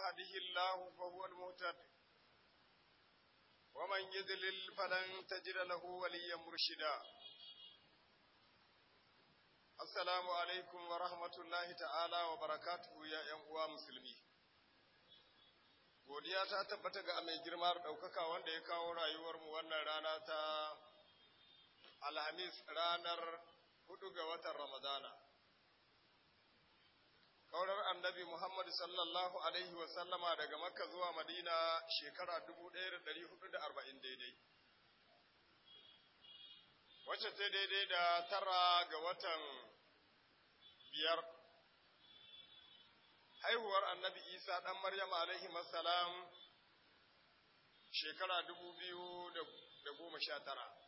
يهده الله فهو المهتد ومن يذلل فلن تجد له وليا مرشدا السلام عليكم ورحمة الله تعالى وبركاته يا أيها مسلمي godiya ta tabbata ga mai girma ɗaukaka wanda ya kawo rayuwarmu wannan rana ta alhamis ranar hudu ga watan ramadana kaurar annabi Muhammad sallallahu Alaihi wasallama daga Makka zuwa Madina shekara 1440 daidai. Wacce ta daidai da tara ga watan biyar. Haihuwar annabi Isa ɗan Maryam Alaihi salam shekara 2019.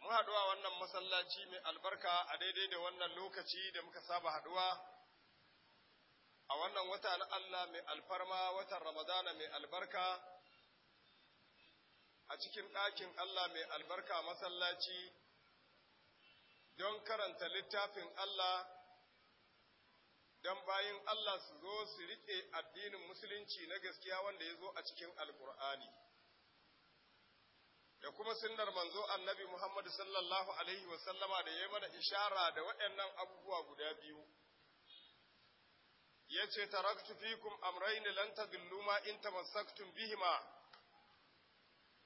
mun haɗu a wannan masallaci mai albarka a daidai da wannan lokaci da muka saba haɗuwa a wannan wata na Allah mai alfarma watan Ramadana mai albarka a cikin ɗakin Allah mai albarka masallaci don karanta littafin Allah don bayin Allah su zo su riƙe addinin musulunci na gaskiya wanda ya zo a cikin alkur'ani. da kuma sunnar manzo annabi Muhammad sallallahu alaihi wa sallama da yayi mana ishara da waɗannan abubuwa guda biyu yace taraktu fikum amrayn lan tadilluma in tamassaktum bihima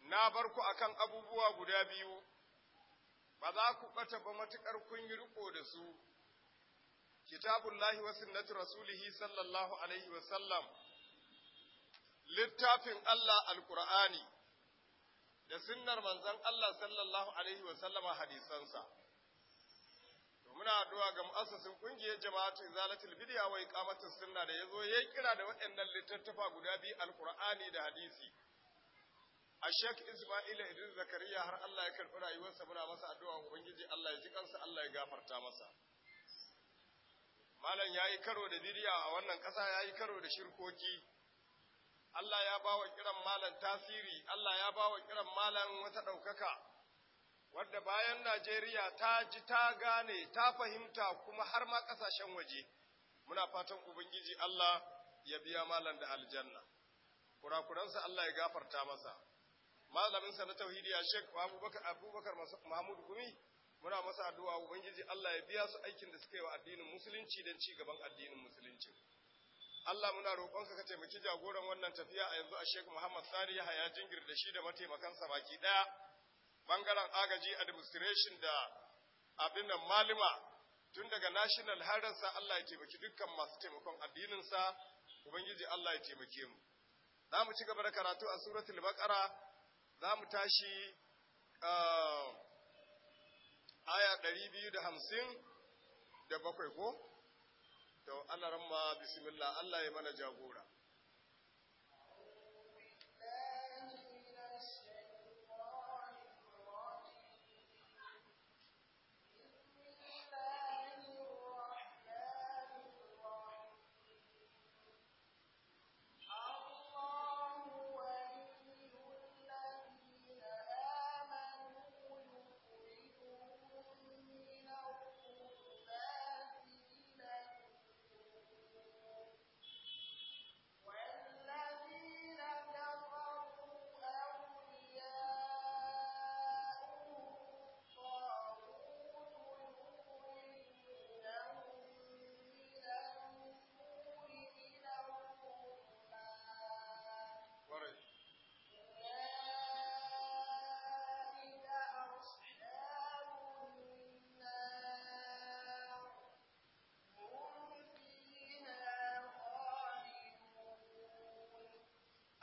na barku akan abubuwa guda biyu ba za ku bata ba matukar kun yi riko da su kitabullahi wa sunnatu rasulihi sallallahu alaihi wa sallam littafin Allah alqur'ani da sunnar manzon Allah sallallahu alaihi wa sallama hadisansa to muna addu'a ga mu'assasin kungiyar jama'atu izalatul bidiya wa iqamatus sunna da ya yazo yayi kira da waɗannan littattafa guda biyu alqur'ani da hadisi A Ashek Ismail Idris Zakariya har Allah ya karɓi rayuwarsa muna masa addu'a ubangiji Allah ya ji kansa Allah ya gafarta masa Malam ya yi karo da bidiya a wannan ƙasa ya yi karo da shirkoki Allah ya bawa kiran malam tasiri, Allah ya bawa kiran malam wata ɗaukaka, wadda bayan Najeriya ta ji ta gane, ta fahimta kuma har ma ƙasashen waje. Muna fatan Ubangiji Allah ya biya malam da aljanna. Kurakuransa Allah ya gafarta masa. Malaminsa na tauhidi a Sheikh Abubakar, Abubakar Mahmud Gumi, muna masa addu'a Ubangiji Allah ya biya su aikin da suka yi wa addinin Musulunci don ci gaban addinin Musulunci. Allah muna roƙonka ka taimaki jagoran wannan tafiya a yanzu a Sheikh Muhammad Sani ya haya jingir da shi da mataimakansa baki ɗaya. Bangaren agaji administration da abin nan malima tun daga national sa Allah ya taimaki dukkan masu taimakon addininsa Ubangiji Allah ya taimake mu. Za mu ci gaba da karatu a suratul Baqara za mu tashi ah, aya ɗari biyu da hamsin da bakwai ko? To, Allah ramma bismillah Allah ya mana jagora.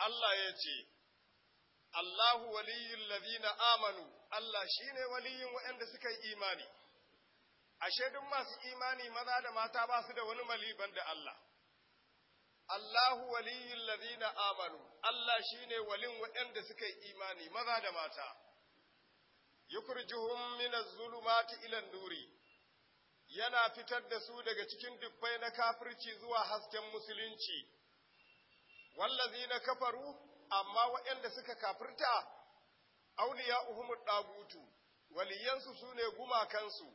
Allah ya ce, Allahu waliyin lazina amanu, Allah shi ne waliyin waɗanda suka yi imani. Ashe duk masu imani maza da mata ba su da wani maliban da Allah. Allahu waliyin lazina amanu, Allah shi ne walin waɗanda suka yi imani maza da mata. Yukurjuhum minaz zulumati ilan nuri. yana fitar da su daga cikin dubbai na kafirci zuwa hasken musulunci. wallazi na kafaru amma waɗanda suka kafirta auliya uhumud dagutu waliyansu sune gumakansu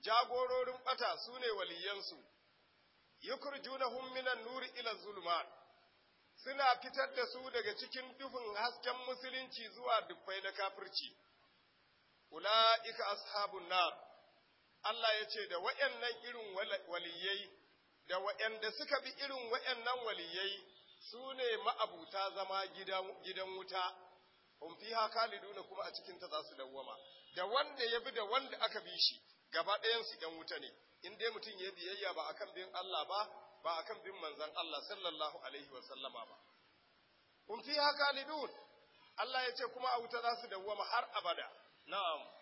jagororin bata sune waliyansu yukhrijunahum minan nuri ila Zulma. suna fitar da su daga cikin dufin hasken musulunci zuwa dufai na kafirci ula'ika ashabun nar Allah ya ce da waɗannan irin waliyai da waɗanda suka bi irin waɗannan waliyai su ne ma'abuta zama gidan wuta, umfi fi haka liduna kuma a cikinta za su dawwama, da wanda ya bi da wanda aka bi shi, gaba ɗayansu ‘yan wuta ne, in dai mutum ya biyayya ba akan bin Allah ba, ba akan bin manzan Allah sallallahu alaihi wa sallama ba. Umfi fi haka Allah ya ce kuma a wuta za su dawwama har abada, na'am.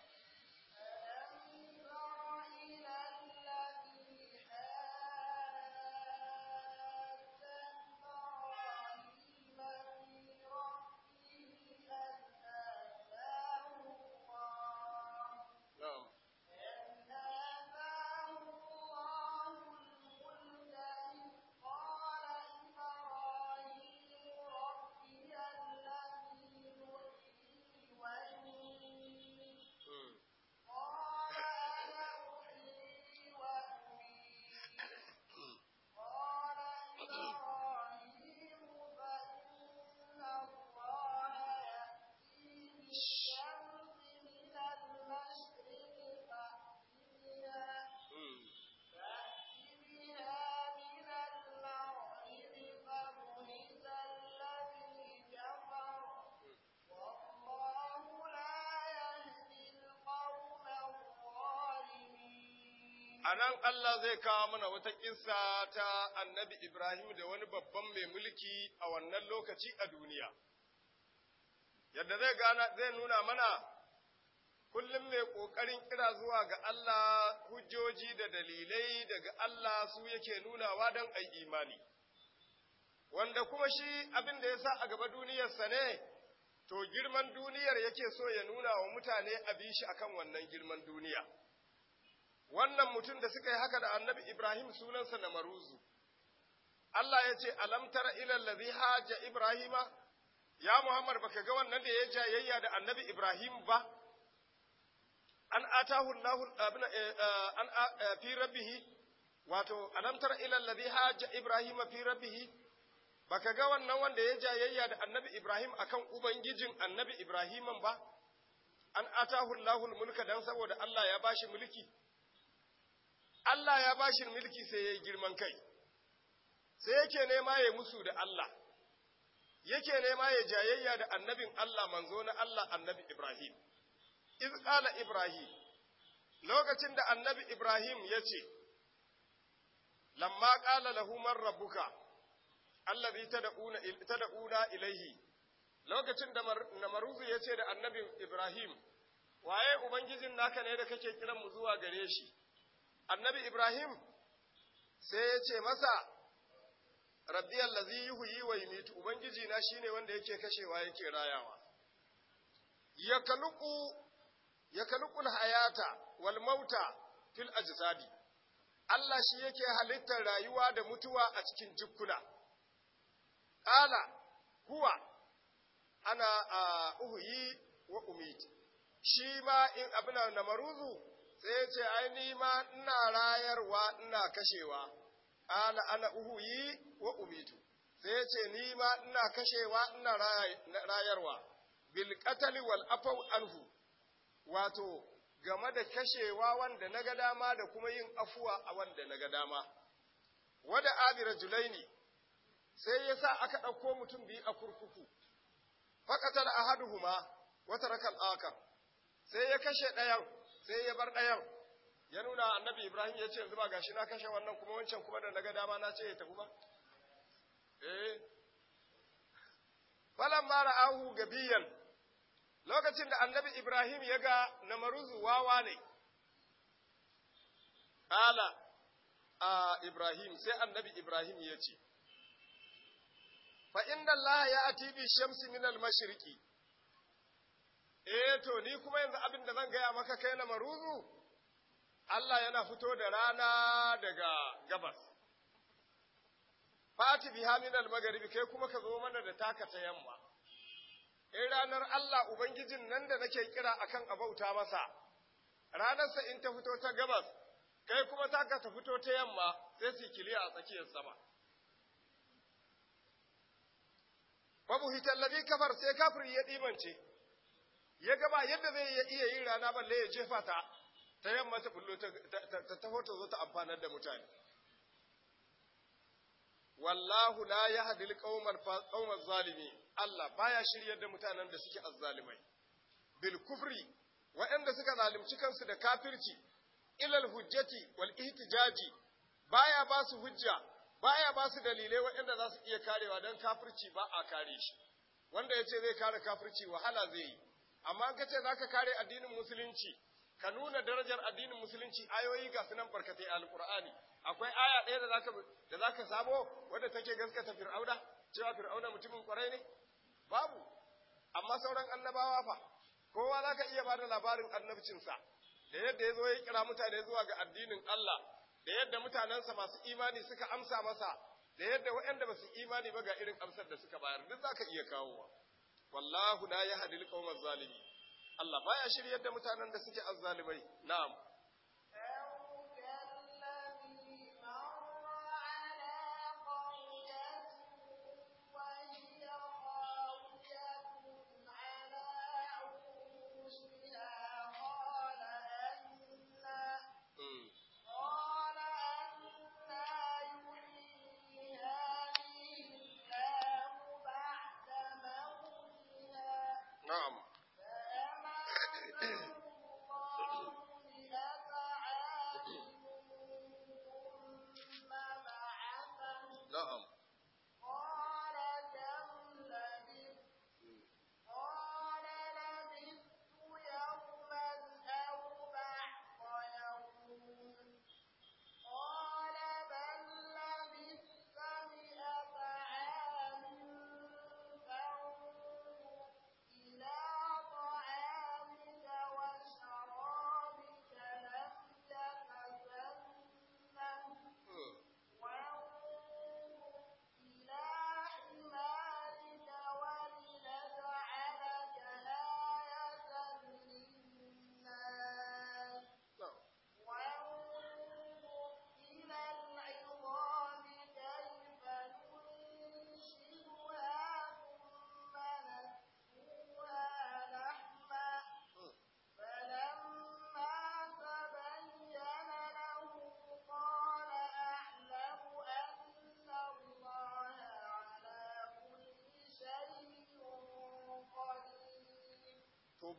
A Allah zai kawo mana wata kissa ta annabi Ibrahim da wani babban mai mulki a wannan lokaci a duniya. Yadda zai gana zai nuna mana kullum mai ƙoƙarin kira zuwa ga Allah hujjoji da dalilai daga Allah su yake nunawa don ai imani. Wanda kuma shi abin da ya sa a gaba duniyarsa ne, to girman duniyar yake so ya nuna wa mutane abin shi akan wannan girman duniya. wannan mutum da suka yi haka da annabi Ibrahim sunansa na maruzu. Allah ya ce, Alamtara ilallazi haja Ibrahima, ya Muhammad baka ga wannan da ya jayayya da annabi Ibrahim ba, an abin eh, eh, an eh, fi rabihi, wato, alamtara ilallazi haja Ibrahima fi rabihi, baka ga wannan wanda ya jayayya da annabi Ibrahim akan Ubangijin annabi Ibrahiman ba, an atahu mulka don saboda Allah ya bashi mulki. Allah ya bashi mulki sai ya yi girman kai, sai yake nema ya musu da Allah, yake nema ya jayayya da annabin Allah manzo na Allah annabi Ibrahim. Iz ƙala Ibrahim, lokacin da annabi Ibrahim ya ce, Lamma ƙala lahumar rabbuka, Allah zai ta da'una ilaihi, lokacin da Namaruzu ya ce da annabin Ibrahim, waye Ubangijin naka ne da kake kiran mu zuwa gare shi. annabi Ibrahim sai ya ce masa, Rabbi allazi yuhyi wa yumitu ubangiji na shine wanda yake kashewa yake rayawa ya kaluku hayata wal mauta fil ajsadi Allah shi yake halittar rayuwa da mutuwa a cikin jikkuna Ƙala kuwa ana uhyi wa umit shi ma in abuna maruzu? sai ya ce ai ni ma ina rayarwa ina kashewa ana ana uhuyi wa umitu sai ya ce ni ma ina kashewa ina rayarwa bil qatl wal afaw anhu wato game da kashewa wanda naga dama da kuma yin afuwa a wanda naga dama wada abira julaini sai ya sa aka ɗauko mutum biyu a kurkuku faƙatar ahaduhuma wata rakal akar sai ya kashe ɗayan sai ya bar ɗayan ya nuna annabi ibrahim ya ce yanzu ba gashi na kashe wannan kuma wancan kuma da naga dama na ce ya tafi ba eh falan mara ahu gabiyan lokacin da annabi ibrahim ya ga namaruzu wawa ne ala a ibrahim sai annabi ibrahim ya ce fa inda allaha ya ati bi shamsi min al mashriqi eh to ni kuma yanzu abin da zan gaya maka kai na maruzu Allah yana fito da rana daga gabas fati biha min al kai kuma ka zo mana da taka yamma in ranar Allah ubangijin nan da nake kira akan abauta masa ranarsa in ta fito ta gabas kai kuma takata fito ta yamma sai su kiliya a tsakiyar sama babu hitallabi kafar sai kafir ya dimance ya gaba yadda zai iya yin rana balle ya jefa ta ta yamma ta bullo ta taho ta zo ta amfanar da mutane wallahu la yahdi alqawmal qawmaz zalimi Allah baya shiryar da mutanen da suke azzalimai bil kufri waɗanda suka zalunci kansu da kafirci ilal hujjati wal ihtijaji baya ba su hujja baya ba su dalilai waɗanda za su iya karewa dan kafirci ba a kare shi wanda ya ce zai kare kafirci wahala zai yi amma ka ce za ka kare addinin musulunci ka nuna darajar addinin musulunci ayoyi ga sunan barkatai alkur'ani akwai aya ɗaya da zaka da zaka samo wanda take gaskata fir'auna cewa fir'auna mutumin kwarai ne babu amma sauran annabawa fa kowa zaka iya bada labarin annabcinsa da yadda ya zo ya kira mutane zuwa ga addinin Allah da yadda mutanensa masu imani suka amsa masa da yadda waɗanda ba su imani ba ga irin amsar da suka bayar duk zaka iya kawowa wallahu la yahdil qawmaz zalimin Allah baya shiryar da mutanen da suke azzalimai na'am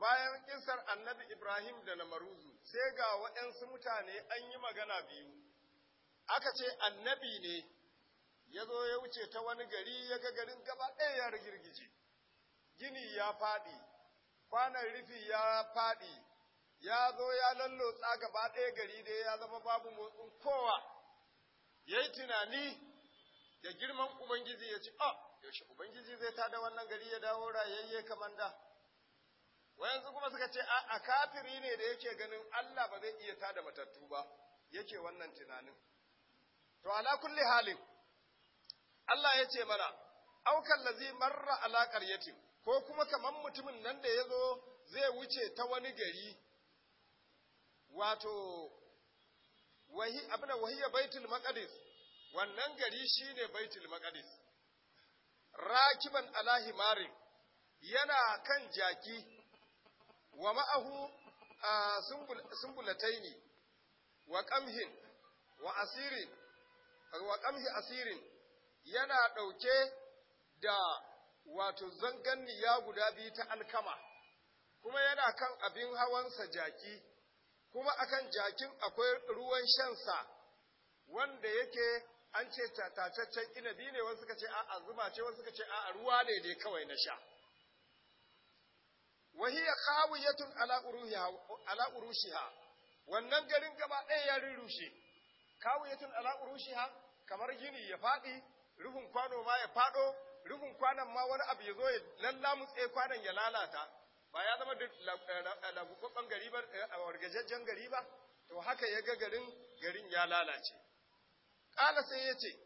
bayan kisar annabi Ibrahim da Namaruzu, sai ga waɗansu mutane an yi magana biyu, aka ce annabi ne, ya zo ya wuce ta wani gari ya ga garin gaba ɗaya ya rigirgije, gini ya faɗi, kwanan rufi ya faɗi, ya zo ya lallotsa gaba ɗaya gari da ya zama babu motsin kowa, ya yi tunani da girman Ubangiji ya ce, a, ah, yaushe Ubangiji zai tada wannan gari ya dawo rayayye kamar da?" Wayanzu kuma suka ce a kafiri ne da yake ganin Allah ba zai iya tada matattu ba yake wannan tunanin to ala kulli halin Allah ya ce mana aukan lazi marra ala qaryatin ko kuma kaman mutumin nan da ya zo zai wuce ta wani gari wato wahi da wahiya baitul maqdis wannan gari shine baitul maqdis rakiban ala himarin yana kan jaki wa ma'ahu sumbulataini wa qamhin wa asirin wa asirin yana ɗauke da wato zanganniya guda biyu ta alkama kuma yana kan abin hawansa jaki kuma akan jakin akwai ruwan shan sa, wanda yake an ce tataccen inabi ne wasu suka ce a'a zuma ce wasu suka ce a'a ruwa ne dai kawai na sha wa hiya khawiyatun ala uruhiha wannan garin gaba ɗaya ya rurrushe khawiyatun ala urushiha kamar gini ya faɗi rufin kwano ma ya faɗo rufin kwanan ma wani abu ya zo ya lallamutse kwanan ya lalata ba ya zama da labukwakwan eh, eh, gari ba eh, wargajajjen gari ba to haka ya ga garin garin ya lalace ƙala sai ya ce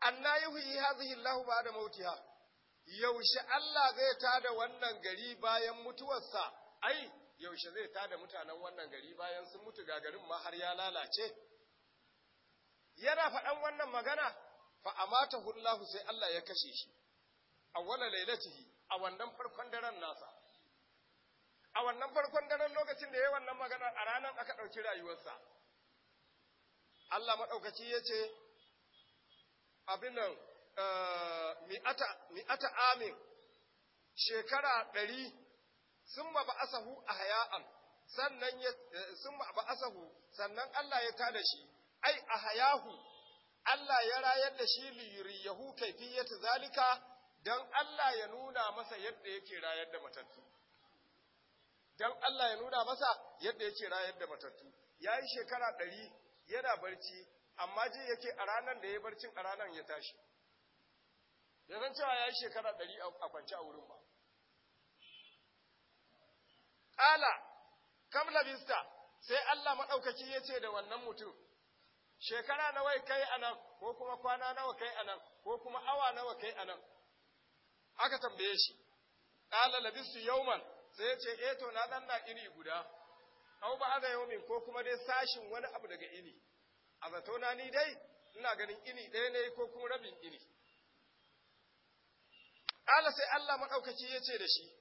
anna yuhyi hadhihi ba ba'da mautiha yaushe Allah zai tada wannan gari bayan mutuwarsa, ai, yaushe zai tada mutanen wannan gari bayan sun mutu ga garin ma har ya lalace. Yana faɗan wannan magana, fa mata hullahu sai Allah ya kashe shi, a wala lailatihi, a wannan farkon daren nasa. A wannan farkon daren lokacin da ya wannan magana a ranar aka ɗauki rayuwarsa. Allah maɗaukaci ya ce, abin nan mi'ata amin shekara ɗari sun ba asahu a haya'an sannan sun ba asahu sannan Allah ya tada shi ai a hayahu Allah ya rayar da shi liri yahu kaifiyatu zalika dan Allah ya nuna masa yadda yake rayar da matattu dan Allah ya nuna masa yadda yake rayar da matattu yayi shekara ɗari yana barci amma ji yake a ranar da ya barcin a ranar ya tashi da zan cewa ya yi shekara ɗari a kwance a wurin ba. Ƙala, kam labista, sai Allah maɗaukaki ya ce da wannan mutum, shekara nawa kai a nan, ko kuma kwana nawa kai a nan, ko kuma awa nawa kai a nan. Aka tambaye shi, ƙala labistu yauman, sai ya ce, eto eh na ɗan na iri guda, au ba aza yaumin ko kuma dai sashin wani abu daga iri A zato na ni dai, ina ganin iri ɗaya ne ko kuma rabin iri Ƙala sai Allah maɗaukaki ya ce da shi,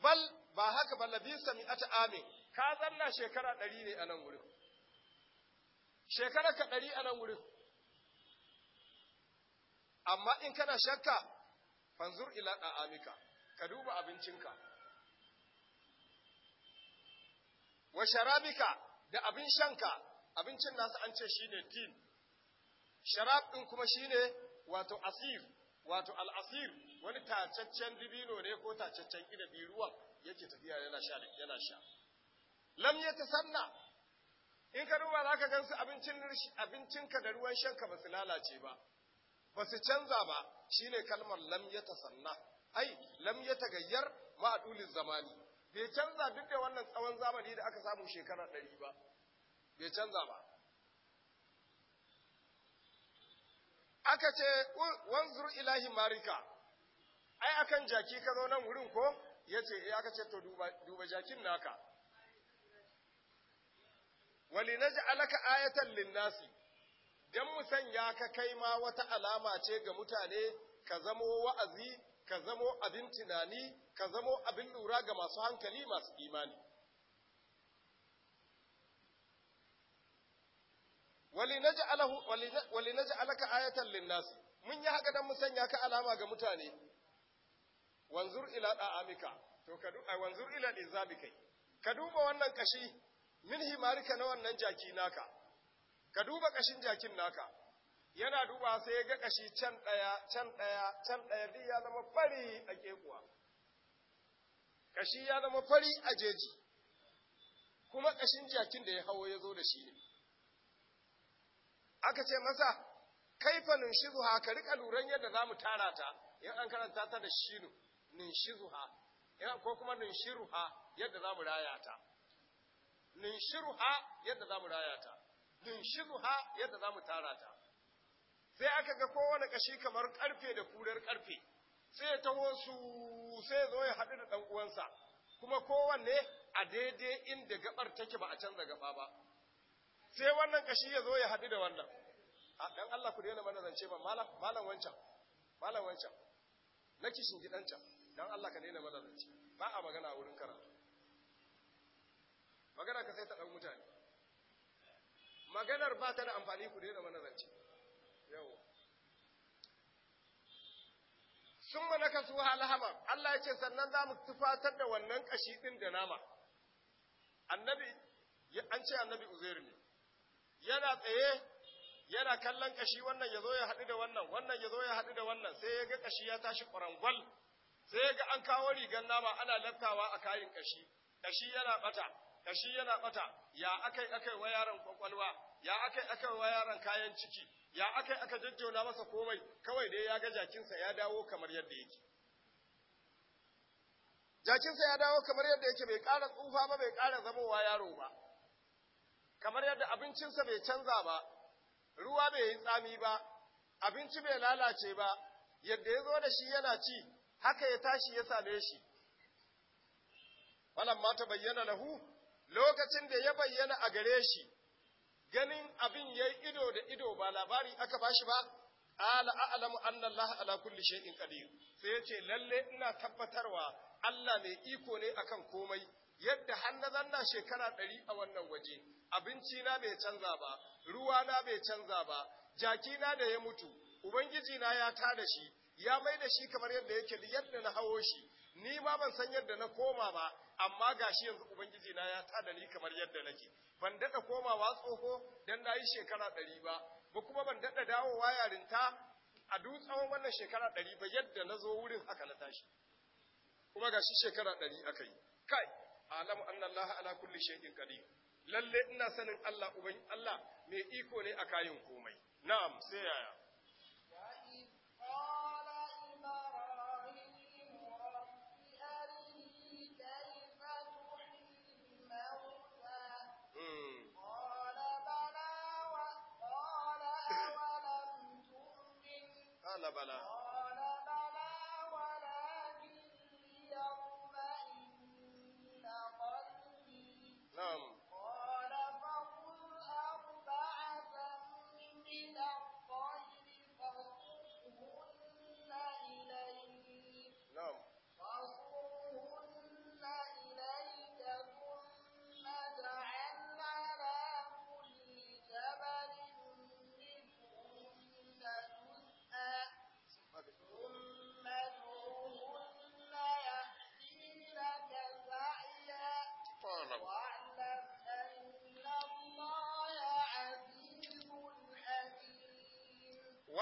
bal ba haka ba labisa mi ata amin, ka zanna shekara ɗari ne a nan wurin. Shekara ka ɗari a nan wurin. Amma in kana shakka, fanzur ila ɗa'amika, ka duba abincinka. Wa sharabika da abin shanka, abincin nasa an ce shi ne tin, sharab ɗin kuma shi ne wato asir. wato al'asir wani tacaccen dibino ne ko tacaccen inabi ruwan yake tafiya yana sha yana sha lam ya tasanna in ka duba za ka gansu abincinka da ruwan shanka ba su lalace ba ba su canza ba shine kalmar lam ya tasanna ai lam ya tagayyar ma'adulin zamani bai canza duk da wannan tsawon zamani da aka samu shekarar ɗari ba bai canza ba aka ce wanzur ilahi marika ai akan jaki ka zo nan wurin ko yace eh aka ce to duba jakin naka alaka ayatan linnasi dan mu sanya ka kai ma wata alama ce ga mutane ka zamo wa'azi ka zamo abin tunani ka zamo abin lura ga masu hankali masu imani walinaj'alaka ayatan linnas mun yi haka dan mu sanya ka alama ga mutane wanzur ila da'amika to ka duba wanzur ila izabika ka duba wannan kashi min himarika na wannan jaki naka ka duba kashin jakin naka yana duba sai ya ga kashi can daya can daya can daya duk ya zama fari a kekuwa kashi ya zama fari a jeji kuma kashin jakin da ya hawo ya zo da shi ne aka ce masa kaifa ninshizuha ka rika luran yadda zamu tara ta in an karanta ta da shinu ya ko kuma ninshiruha yadda zamu raya ta nunshiruha yadda zamu raya ta nunshizuha yadda zamu tara ta sai aka ga kowane kashi kamar karfe da kurar karfe sai ya taho su sai ya zo ya haɗu da ɗan uwansa kuma kowanne a daidai inda gabar take ba a canza gaba ba sai wannan kashi ya zo ya haɗu da wannan dan Allah ku daina mana zance ba malam malam wancan malam wancan na kishin gidancan dan Allah ka daina mana zance ba a magana a wurin karatu magana ka sai ta dan mutane maganar ba ta da amfani ku daina mana zance yawa summa nakasuha lahama Allah ya ce sannan za mu tufatar da wannan kashi din da nama annabi an ce annabi uzair ne yana tsaye yana kallon kashi wannan ya zo ya haɗu da wannan wannan ya zo ya haɗu da wannan sai ya ga kashi ya tashi ƙwarangwal sai ya ga an kawo rigan nama ana laftawa a kayin kashi kashi yana bata kashi yana bata ya akai akai wa yaron kwakwalwa ya akai akai wa yaron kayan ciki ya akai aka jajjona masa komai kawai dai ya ga jakinsa ya dawo kamar yadda yake jakinsa ya dawo kamar yadda yake bai ƙara tsufa ba bai ƙara zamowa yaro ba kamar yadda abincinsa bai canza ba, ruwa bai yi tsami ba, abinci bai lalace ba, yadda ya zo da shi yana ci, haka ya tashi ya same shi. Wannan mata ta bayyana lahu, lokacin da ya bayyana a gare shi, ganin abin ya yi ido da ido ba labari aka bashi ba, ala a'lamu anna Allah ala kulli shay'in qadir sai yace lalle ina tabbatarwa Allah mai iko ne akan komai yadda har zanna shekara ɗari a wannan waje, abinci na bai canza ba, ruwa na bai canza ba, jaki na da ya mutu, Ubangiji na ya tada shi, ya mai da shi kamar yadda yake yadda na hawo shi, ni ma ban san yadda na koma ba, amma ga shi yanzu Ubangiji na ya ta da ni kamar yadda nake. Ban daɗa komawa tsoho don na yi shekara ɗari ba, ba kuma ban daɗa dawowa yarinta a dutsen tsawon wannan shekara ɗari ba yadda na zo wurin haka na tashi. Kuma ga shi shekara ɗari aka yi. Kai, alamu anna Allah ala kulli shay'in lalle ina sanin Allah uban Allah mai iko ne a kayan komai na'am sai yaya بلى hmm.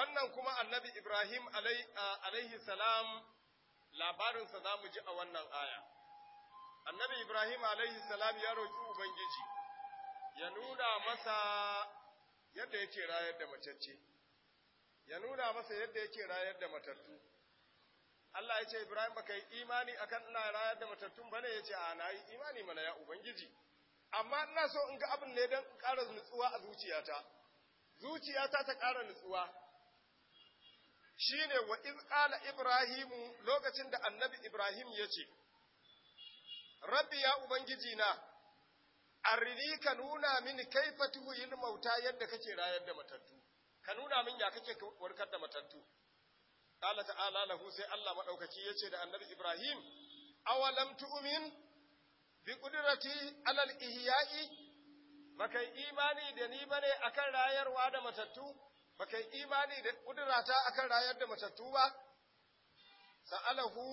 wannan kuma annabi Ibrahim alaihi salam labarinsa za mu ji a wannan aya. Annabi Ibrahim alaihi salam ya roƙi Ubangiji, ya nuna masa yadda yake rayar da matacce, ya nuna masa yadda yake rayar da matattu. Allah ya ce, Ibrahim baka yi imani akan ina rayar da matattun bane ya ce, a yi imani mana ya Ubangiji, amma ina so in ga abin ne don ƙara nutsuwa a zuciyata, zuciyata ta ƙara nutsuwa. shine wa iz qala ibrahimu lokacin da annabi ibrahim ya ce rabbi ya ubangiji na arini ka nuna mini kaifa yin mauta yadda kake rayar da matattu ka nuna min ya kake warkar da matattu qala ta'ala lahu sai Allah madaukaki yace da annabi ibrahim awalam tu'min bi qudrati alal ihya'i bakai imani da ni bane akan rayarwa da matattu baka yi imani da a akan rayar da matattu ba sa'alahu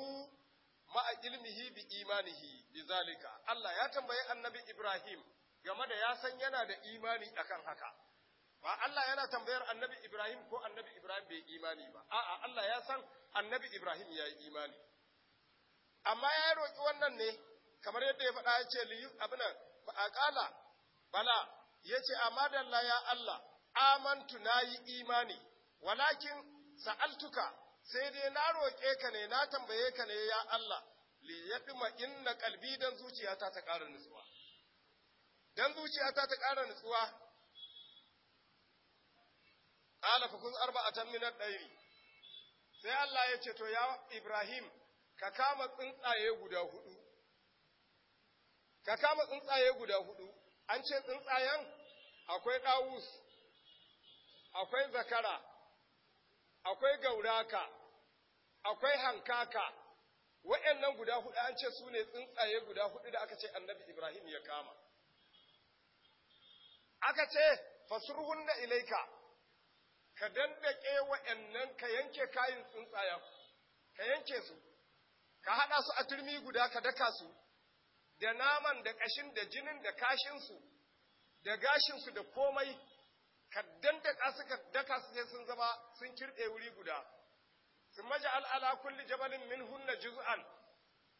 ma'a ilmihi bi imanihi bi zalika Allah ya tambayi annabi Ibrahim game da ya san yana da imani a kan haka ba Allah yana tambayar annabi Ibrahim ko annabi Ibrahim bai imani ba a'a Allah ya san annabi Ibrahim ya yi imani amma ya roƙi wannan ne kamar yadda ya faɗa ya ce abinan ba a ƙala bala ya ce amma Allah ya Allah amantu na yi imani, walakin sa'altuka sai dai na roƙe ka ne, na tambaye ka ne ya Allah, li ya ɗuma inna kalbi don zuciyata ta ƙara nutsuwa. Don zuciyata ta ƙara nutsuwa, ƙala fukun arba'atan minar ɗari, Sai Allah ya ce, to ya Ibrahim, ka kama tsuntsaye guda hudu, ka kama tsuntsaye guda hudu, an ce tsuntsayen akwai ɗawus, akwai zakara, akwai gauraka, akwai hankaka, wa'yannan guda hudu an ce su ne tsuntsaye guda hudu da aka ce annabi Ibrahim ya kama. Aka ce, fasurhun na ilaika, ka dandake wa'yannan ka yanke kayan tsuntsayen, ka yanke su, ka haɗa su a turmi guda ka daka su, da naman da ƙashin da jinin da kashinsu, da gashinsu da komai. Kaddan da suka daka su sai sun zama sun kirɗe wuri guda sun maji al'ala kulli jabalin min hunna juz'an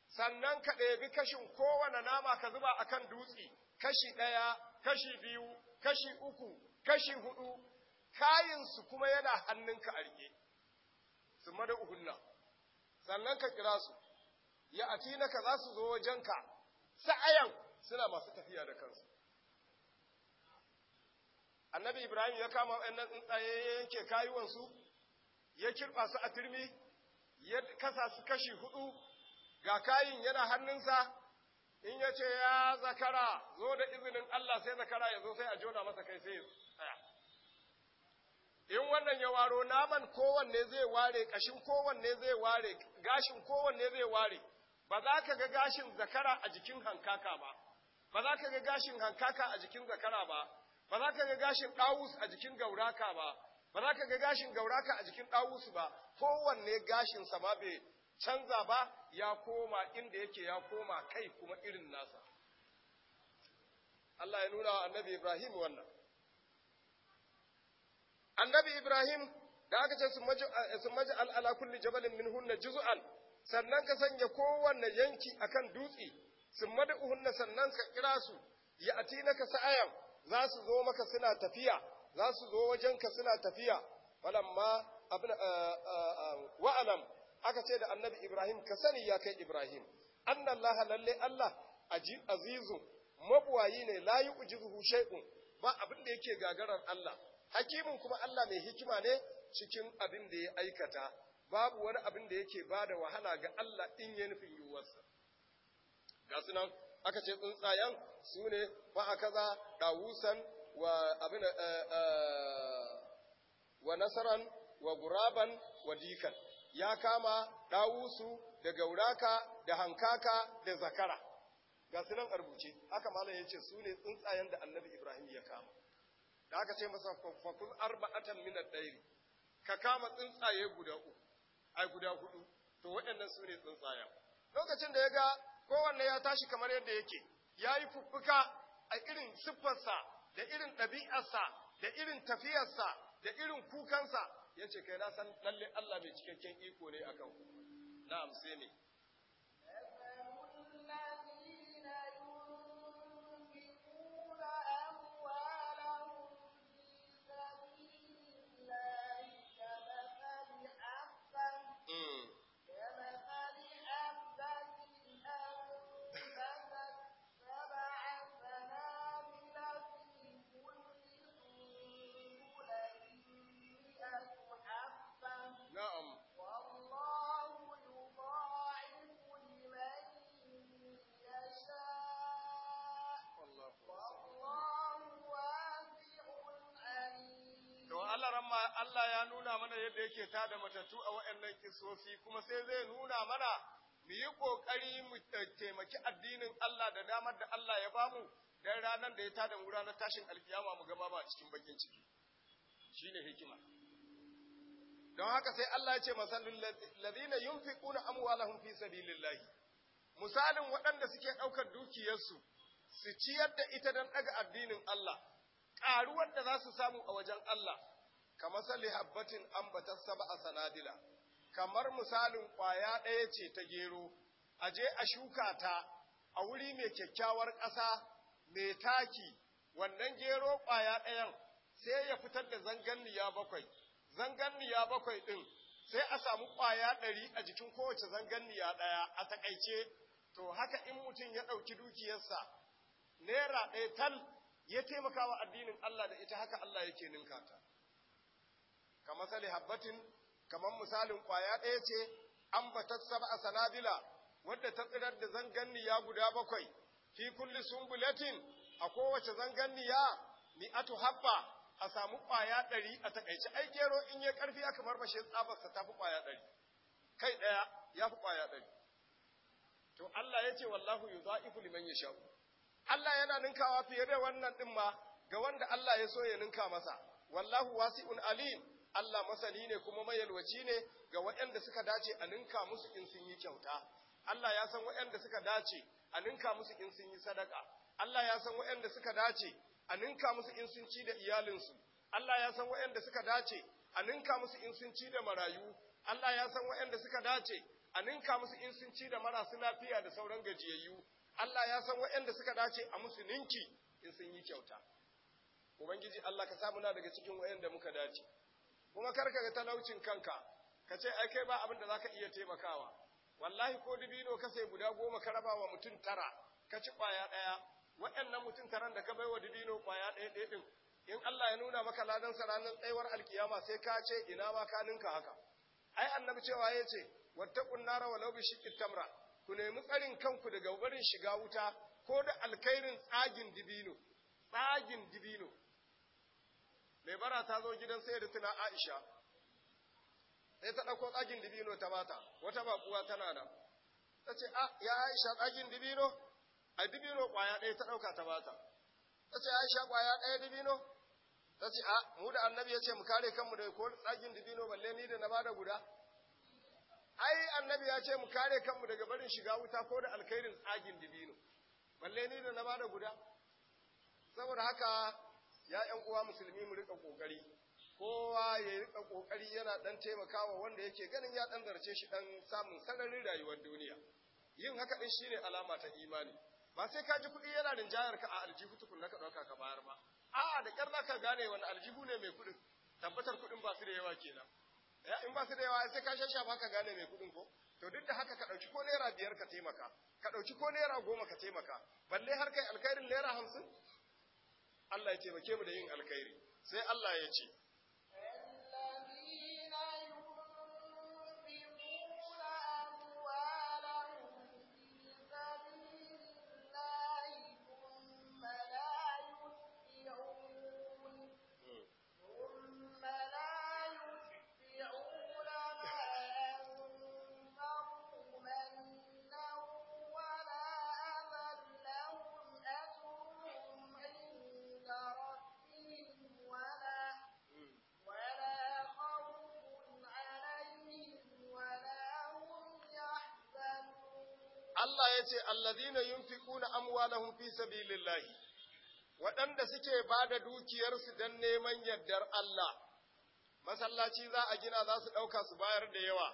sannan ka ɗebi kashin kowane nama ka zuba akan dutsi, kashi ɗaya kashi biyu kashi uku kashi hudu kayinsu kuma yana hannunka a rike su mada uhunna sannan ka kira su ya na za su zo wajenka sa'ayan suna masu tafiya da kansu annabi ibrahim ya kama wa'annan tsuntsaye ya yanke kayuwansu ya kirɓa su a turmi ya kasa su kashi hudu ga kayin yana hannunsa in ya ce ya zakara zo da izinin Allah sai zakara ya zo sai a jona masa kai sai tsaya in wannan ya waro naman kowanne zai ware kashin kowanne zai ware gashin kowanne zai ware ba za ka ga gashin zakara a jikin hankaka ba ba za ka ga gashin hankaka a jikin zakara ba ba za ka ga gashin ɗawus a jikin gauraka ba ba za ka ga gashin gauraka a jikin ɗawusu ba kowanne gashinsa ma bai canza ba ya koma inda yake ya koma kai kuma irin nasa Allah ya nuna wa annabi Ibrahim wannan annabi Ibrahim da aka ce sun maji al'ala kulli jabalin min hunna juz'an sannan ka sanya kowanne yanki akan dutse sun madu hunna sannan ka kira su ya ka sa'ayan za su zo maka suna tafiya za su zo wajenka suna tafiya falamma wa'alam aka ce da annabi ibrahim ka sani ya kai ibrahim annallaha lalle allah azizu mabuwayi ne la yu'jizuhu shay'un ba abin da yake gagarar allah hakimin kuma allah mai hikima ne cikin abin da ya aikata babu wani abin da yake bada wahala ga allah in ya nufin yiwuwarsa ga sunan aka ce tsuntsayen su ne kaza ɗawusan wa abin eh, eh, wa nasaran wa guraban wa dikan ya kama ɗawusu da gauraka da hankaka da zakara ga su nan a rubuce haka malam ya ce su tsuntsayen da annabi ibrahim ya kama da aka ce masa fakul arba'atan minan ɗairi ka kama tsuntsaye guda uku ai guda hudu to waɗannan su ne tsuntsayen lokacin da ya ga kowanne ya tashi kamar yadda yake ya yi fuffuka a irin siffarsa da irin ɗabi'arsa da irin tafiyarsa da irin kukansa ya ce kai na san lalle Allah mai cikakken iko ne akan ku na'am sai ne amma Allah ya nuna mana yadda yake tada matattu a waɗannan Kisofi, kuma sai zai nuna mana mu yi ƙoƙari mu taimaki addinin Allah da damar da Allah ya bamu dan ranar da ya tada mu ranar tashin alkiyama mu gaba ba cikin bakin ciki Shi ne hikima don haka sai Allah ya ce masallin ladina yunfiquna amwalahum fi sabilillahi misalin waɗanda suke ɗaukar dukiyarsu su ciyar da ita don ɗaga addinin Allah ƙaruwar da za su samu a wajen Allah kamasali habbatin ba sab'a sanadila kamar misalin ƙwaya ɗaya ce ta gero a je a shuka ta a wuri mai kyakkyawar ƙasa mai taki wannan gero ƙwaya ɗayan sai ya fitar da zanganniya bakwai zanganniya bakwai ɗin sai a samu ƙwaya ɗari a jikin kowace zanganniya ɗaya a taƙaice to haka in mutum ya ɗauki dukiyarsa naira ɗaya tal ya taimaka wa addinin Allah da ita haka Allah yake ninka ta ka masali habbatin kamar misalin kwaya ɗaya ce an batar sab'a sanadila wadda ta tsirar da zanganniya guda bakwai fi kulli sumbulatin a kowace zanganniya mi'atu habba a samu kwaya ɗari a takaice ai gero in ya karfi aka marmashe tsabarsa ta fi kwaya ɗari kai ɗaya ya fi kwaya ɗari to Allah ya ce wallahu yuzaifu liman yasha Allah yana ninkawa fiye da wannan din ma ga wanda Allah ya so ya ninka masa wallahu wasi'un alim Allah masani ne kuma mayalwaci ne ga waɗanda suka dace a ninka musu in sun yi kyauta Allah ya san waɗanda suka dace a ninka musu in sun yi sadaka Allah ya san waɗanda suka dace a ninka musu in sun ci da iyalinsu Allah ya san waɗanda suka dace a ninka musu in sun ci da marayu Allah ya san waɗanda suka dace a ninka musu in sun ci da marasu lafiya da sauran gajiyayyu Allah ya san waɗanda suka dace a musu ninki in sun yi kyauta Ubangiji Allah ka samu na daga cikin waɗanda muka dace kuma kar ka ga talaucin kanka ka ce ai kai ba abin da zaka iya taimakawa wallahi ko dibino ka sai guda goma ka raba wa mutum tara ka ci kwaya ɗaya, waɗannan mutum taran da ka baiwa dibino kwaya ɗaya ɗaya din in Allah ya nuna maka ladan sa ranar tsayuwar alkiyama sai ka ce ina ma ka ninka haka ai annabi cewa ya ce wattaqun nara law bi tamra ku nemi tsarin kanku daga barin shiga wuta ko da alkairin tsagin dibino tsagin dibino mai bara ta zo gidan sai da tuna Aisha sai ta ɗauko tsagin dibino ta bata wata babuwa tana da ta ce a ah, ya Aisha tsagin dibino a dibino ƙwaya ɗaya ta ɗauka ta bata ta ce Aisha ƙwaya ɗaya dibino ta ce a ah, mu da annabi ya ce mu kare kanmu da ko tsagin dibino balle ni da na bada guda ai annabi ya ce mu kare kanmu daga barin shiga wuta ko da alkhairin tsagin dibino balle ni da na bada guda saboda haka ya ‘yan uwa musulmi mu rika ƙoƙari, kowa ya rika ƙoƙari yana ɗan taimakawa wanda yake ganin ya ɗan zarce shi ɗan samun sararin rayuwar duniya. Yin haka ɗin shine alama ta imani, ba sai ka ji kuɗi yana jayar ka a aljihu tukunna ka ɗauka ka bayar ba. A'a da ƙyar ka gane wani aljihu ne mai kuɗin, tabbatar kuɗin ba su da yawa kenan. in ba su da yawa sai ka ba ka gane mai kuɗin ko? To duk da haka ka ɗauki ko naira biyar ka taimaka, ka ɗauki ko naira goma ka taimaka, balle har kai alkhairin naira hamsin Allah ya taimake mu da yin alkhairi sai Allah ya ce sabilillahi waɗanda suke ba da dukiyarsu don neman yardar Allah masallaci za a gina za su ɗauka su bayar da yawa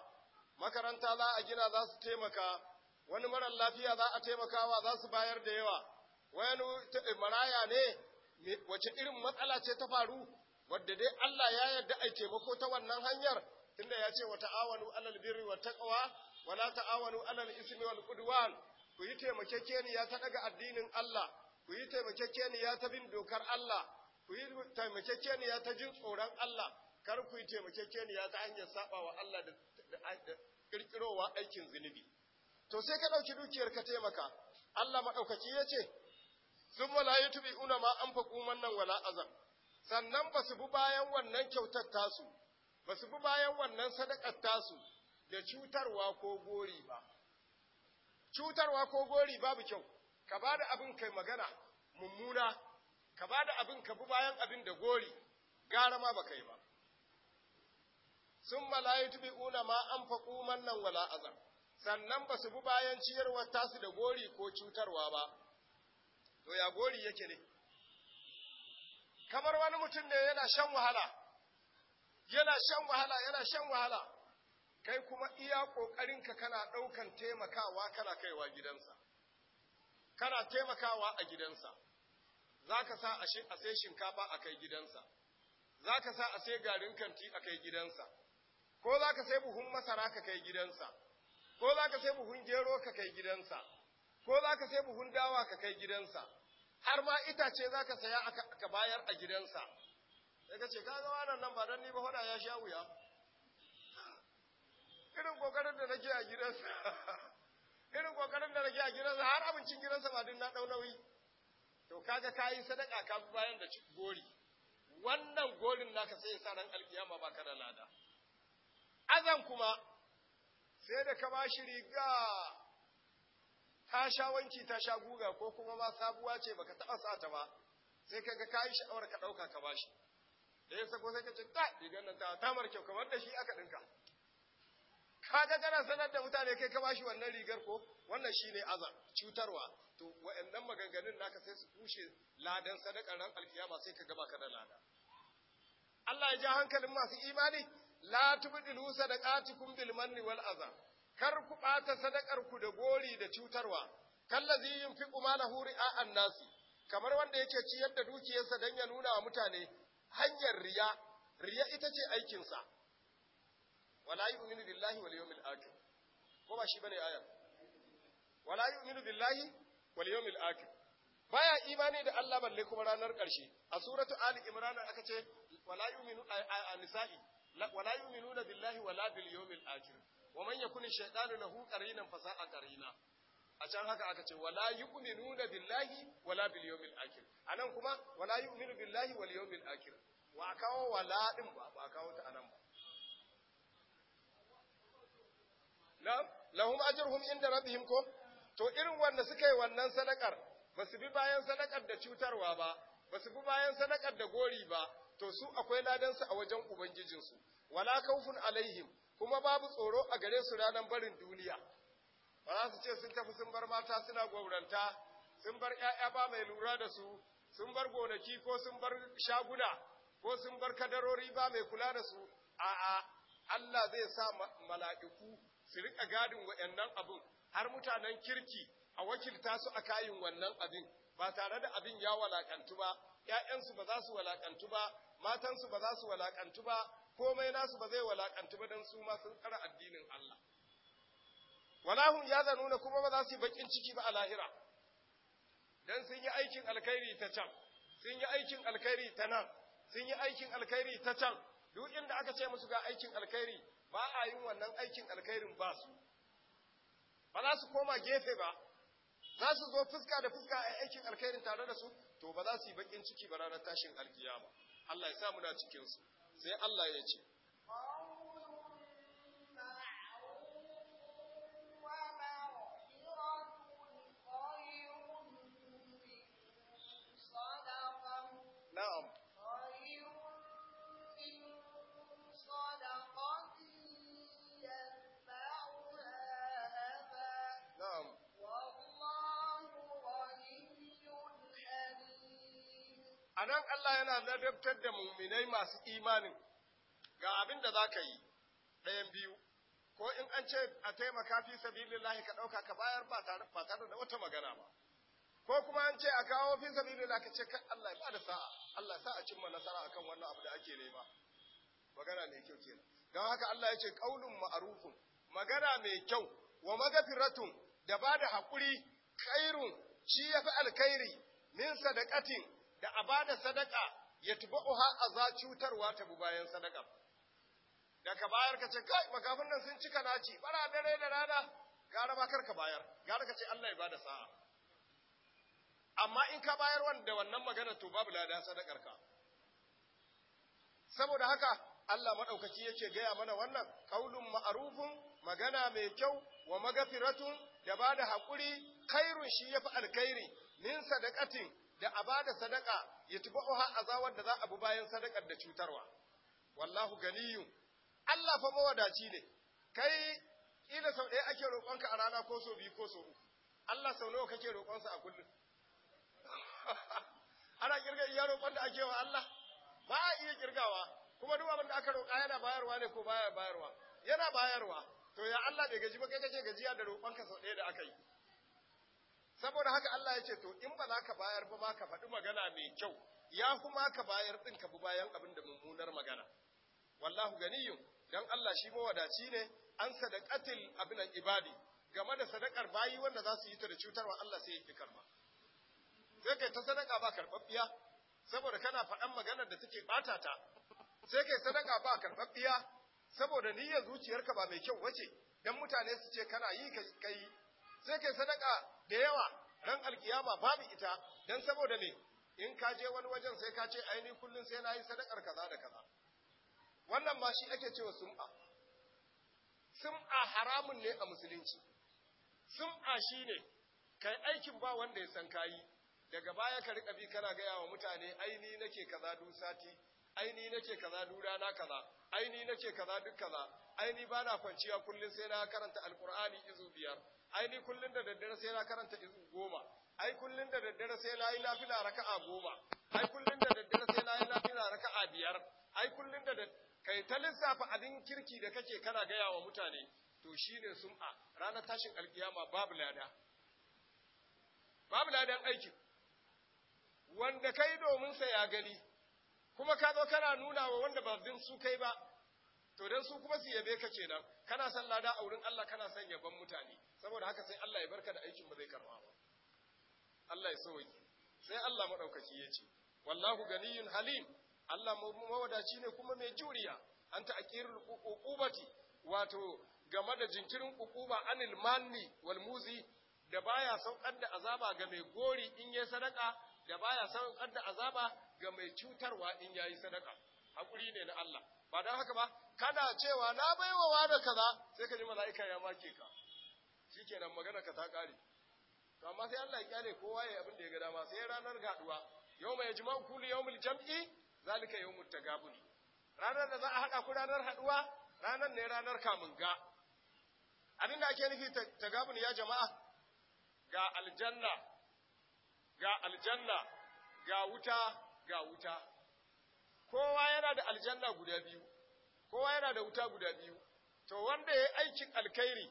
makaranta za a gina za su taimaka wani marar lafiya za a taimakawa za su bayar da yawa wani eh, maraya ne wace irin matsala ce ta faru wadda dai Allah ya yarda a taimako ta wannan hanyar tunda ya ce wa ta'awanu alal birri wa taqwa wala ta'awanu alal ismi wal udwan ku yi taimakekeniya ta daga addinin Allah ku yi taimakekeniya ta bin dokar Allah ku yi taimakekeniya ta jin tsoron Allah kar ku yi taimakekeniya ta hanyar saba wa Allah da kirkirowa aikin zunubi to sai ka ɗauki dukiyar ka taimaka Allah ya ce, sun yace yi tubi una ma anfaqu wannan wala azam, sannan ba su bi bayan wannan kyautar tasu su bi bayan wannan sadakar tasu da cutarwa ko gori ba cutarwa ko gori babu kyau ka ba da abin kai magana mummuna ka ba da abin ka bi bayan abin da gori gara ma baka yi ba sun malayi tubi una ma an faƙu mannan wala azar sannan ba su bi bayan ciyarwar tasu da gori ko cutarwa ba to ya gori yake ne kamar wani mutum ne yana shan wahala yana shan wahala yana shan wahala kai kuma iya ƙoƙarinka kana ɗaukan taimakawa kana kaiwa gidansa, kana taimakawa a gidansa, za ka sa a sai shinkafa a kai gidansa, za ka sa a sai garin kanti a kai gidansa, ko za ka sai buhun masara ka kai gidansa, ko za ka sai buhun gero ka kai gidansa, ko za ka sai buhun dawa ka kai gidansa, har ma itace za ka saya ka bayar a gidansa. Sai ka ce, ka ga nan ba don ni ba hoda ya sha wuya. irin kokarin da nake a gidansa irin kokarin da nake a gidansa har abincin gidansa ba din na dau nauyi to kaga kayi sadaka ka bayan da gori wannan gorin naka sai ya sa ran alkiyama ba ka da lada azan kuma sai da ka bashi riga ta sha wanki ta sha guga ko kuma ma sabuwa ce baka taɓa sa ta ba sai kaga kayi sha'awar ka ɗauka ka bashi da ya sako sai ka ce ta rigar nan ta tamar kyau kamar da shi aka ɗinka kaga kana sanar da mutane kai ka bashi wannan rigar ko wannan shine azab cutarwa to waɗannan maganganun naka sai su kushe ladan sadakar ran alkiyama sai ka gaba ka da lada Allah ya ja hankalin masu imani la tubdilu sadaqatikum bil manni wal azab kar ku bata sadakar ku da gori da cutarwa kallazi yunfiqu malahu ri'a'an nasi kamar wanda yake ciyar da dukiyarsa dan ya nuna wa mutane hanyar riya riya ita ce aikinsa wala yu'minu billahi wal yawmil akhir ko ba shi bane ayar wala yu'minu billahi wal yawmil akhir baya imani da Allah balle kuma ranar karshe. a suratu ali imran aka ce wala yu'minu a nisa'i wala yu'minuna billahi wala bil yawmil akhir wa man yakuni shaytanu lahu qarinan fasa'a qarina a can haka aka ce wala yu'minuna billahi wala bil yawmil akhir anan kuma wala yu'minu billahi wal yawmil akhir wa kawo wala din ba ba kawo ta anan na'am lahum ajruhum inda rabbihim ko to irin wanda suka yi wannan sadakar ba su bi bayan sadakar da cutarwa ba ba su bi bayan sadakar da gori ba to su akwai ladansu a wajen ubangijinsu wala kaufin alaihim kuma babu tsoro a gare su ranar barin duniya ba za su ce sun tafi sun bar mata suna gwauranta sun bar ‘ya'ya ba mai lura da su sun bar gonaki ko sun bar shaguna ko sun bar kadarori ba mai kula da su a'a Allah zai sa mala'iku su rika gadin waɗannan abin har mutanen kirki a wakilta su a kayin wannan abin ba tare da abin ya walakantu ba ‘ya'yansu ba za su walakantu ba matansu ba za su walakantu ba komai nasu ba zai walakantu ba don su ma sun tsara addinin Allah walahum ya nuna kuma ba za su yi baƙin ciki ba a lahira don sun yi aikin alkhairi ta can sun yi aikin alkhairi ta nan sun yi aikin alkhairi ta can duk inda aka ce musu ga aikin alkhairi ba a yin wannan aikin alkhairin ba su ba za su koma gefe ba za su zo fuska da fuska a aikin alkhairin tare da su to ba za su yi bakin ciki ba ranar tashin alkiyama Allah ya sa muna cikin su sai Allah ya ce yana ladabtar da muminai masu imanin ga abin da za ka yi ɗayan biyu ko in an ce a taimaka fi sabilillahi ka ɗauka ka bayar ba tare da wata magana ba ko kuma an ce a kawo fi sabilillahi ka ce kan Allah ba da sa'a Allah sa a cimma nasara akan wannan abu da ake nema magana mai kyau kenan don haka Allah ya ce qaulun ma'rufun magana mai kyau wa magafiratun da bada hakuri khairun shi yafi alkhairi min sadaqatin da a bada sadaka ya tuba uha a za cutarwa ta bu bayan sadaka da ka bayar ka ce kai makafin nan sun cika naci bara dare da rana gara ba kar ka bayar gara ka ce Allah ya bada sa'a amma in ka bayar wanda wannan magana to babu lada sadakar ka saboda haka Allah madaukaki yake gaya mana wannan qaulun ma'rufun magana mai kyau wa magafiratun da bada hakuri khairun shi yafi alkhairi min sadaqatin da a bada sadaka ya tafi oha azawar da za a bi bayan sadakar da cutarwa wallahu ganiyu Allah fa mawadaci ne kai ina sau ɗaya ake roƙonka a rana ko so biyu ko so uku Allah sau nawa kake roƙonsa a kullum ana kirga iya roƙon da ake wa Allah ba a iya kirgawa kuma duk abin da aka roƙa yana bayarwa ne ko baya bayarwa yana bayarwa to ya Allah bai gaji ba kai kake gajiya da roƙonka sau ɗaya da aka yi saboda haka Allah ya ce to in ba za ka bayar ba ba ka faɗi magana mai kyau ya kuma ka bayar ɗin ka bi bayan abin da mummunar magana wallahu ganiyun dan Allah shi mawadaci ne an sadaqatil abin ibadi game da sadakar bayi wanda za su yi ta da cutarwa Allah sai ya ki karba sai kai ta sadaka ba karbabbiya saboda kana faɗan maganar da take ɓata ta sai kai sadaka ba karbabbiya saboda niyyar zuciyarka ba mai kyau wace dan mutane su ce kana yi kai sai kai sadaka da yawa ran alkiyama babu ita dan saboda me in ka je wani wajen sai ka ce aini kullun sai na yi sadakar kaza da kaza wannan ma shi ake cewa sum'a sum'a haramun ne a musulunci sum'a shine kai aikin ba wanda ya san kayi daga baya ka rika bi kana gaya wa mutane aini nake kaza du sati aini nake kaza du rana kaza aini nake kaza duk kaza aini ba na kwanciya kullum sai na karanta alkur'ani izu biyar aini kullum da daddare sai na karanta izu goma ai kullum da daddare sai na yi lafila raka'a goma ai kullum da daddare sai na yi lafila raka'a biyar ai kullum da kai ta lissafa abin kirki da kake kana gaya wa mutane to shine sum'a ranar tashin alkiyama babu lada babu ladan aikin wanda kai domin sa ya gani kuma ka zo kana nuna wa wanda ba su kai ba to dan su kuma su yabe ka kenan kana san lada a wurin Allah kana san yaban mutane saboda haka sai Allah ya barka da aikin ba zai karba ba Allah ya sauki sai Allah madaukaki ya ce wallahu ganiyun halim Allah mawadaci ne kuma mai juriya an akirul uqubati wato game da jinkirin uquba anil manni wal muzi da baya saukar da azaba ga mai gori in yayi sadaka da baya saukar da azaba ga mai cutarwa in yayi sadaka hakuri ne na Allah ba don haka ba kana cewa na baiwa da kaza sai ka ji mala'ika ya make ka Shi shikenan magana ka ta kare to amma sai Allah ya kyale kowa ya abin da ya ga dama sai ranar gaduwa mai yajma'u kullu yawmul jam'i zalika yawmut tagabun ranar da za a hada ku ranar haduwa ranar ne ranar kamun ga abin da ake nufi tagabun ya jama'a ga aljanna ga aljanna ga wuta ga wuta kowa yana da aljanna guda biyu kowa yana da wuta guda biyu to wanda ya aikin alkhairi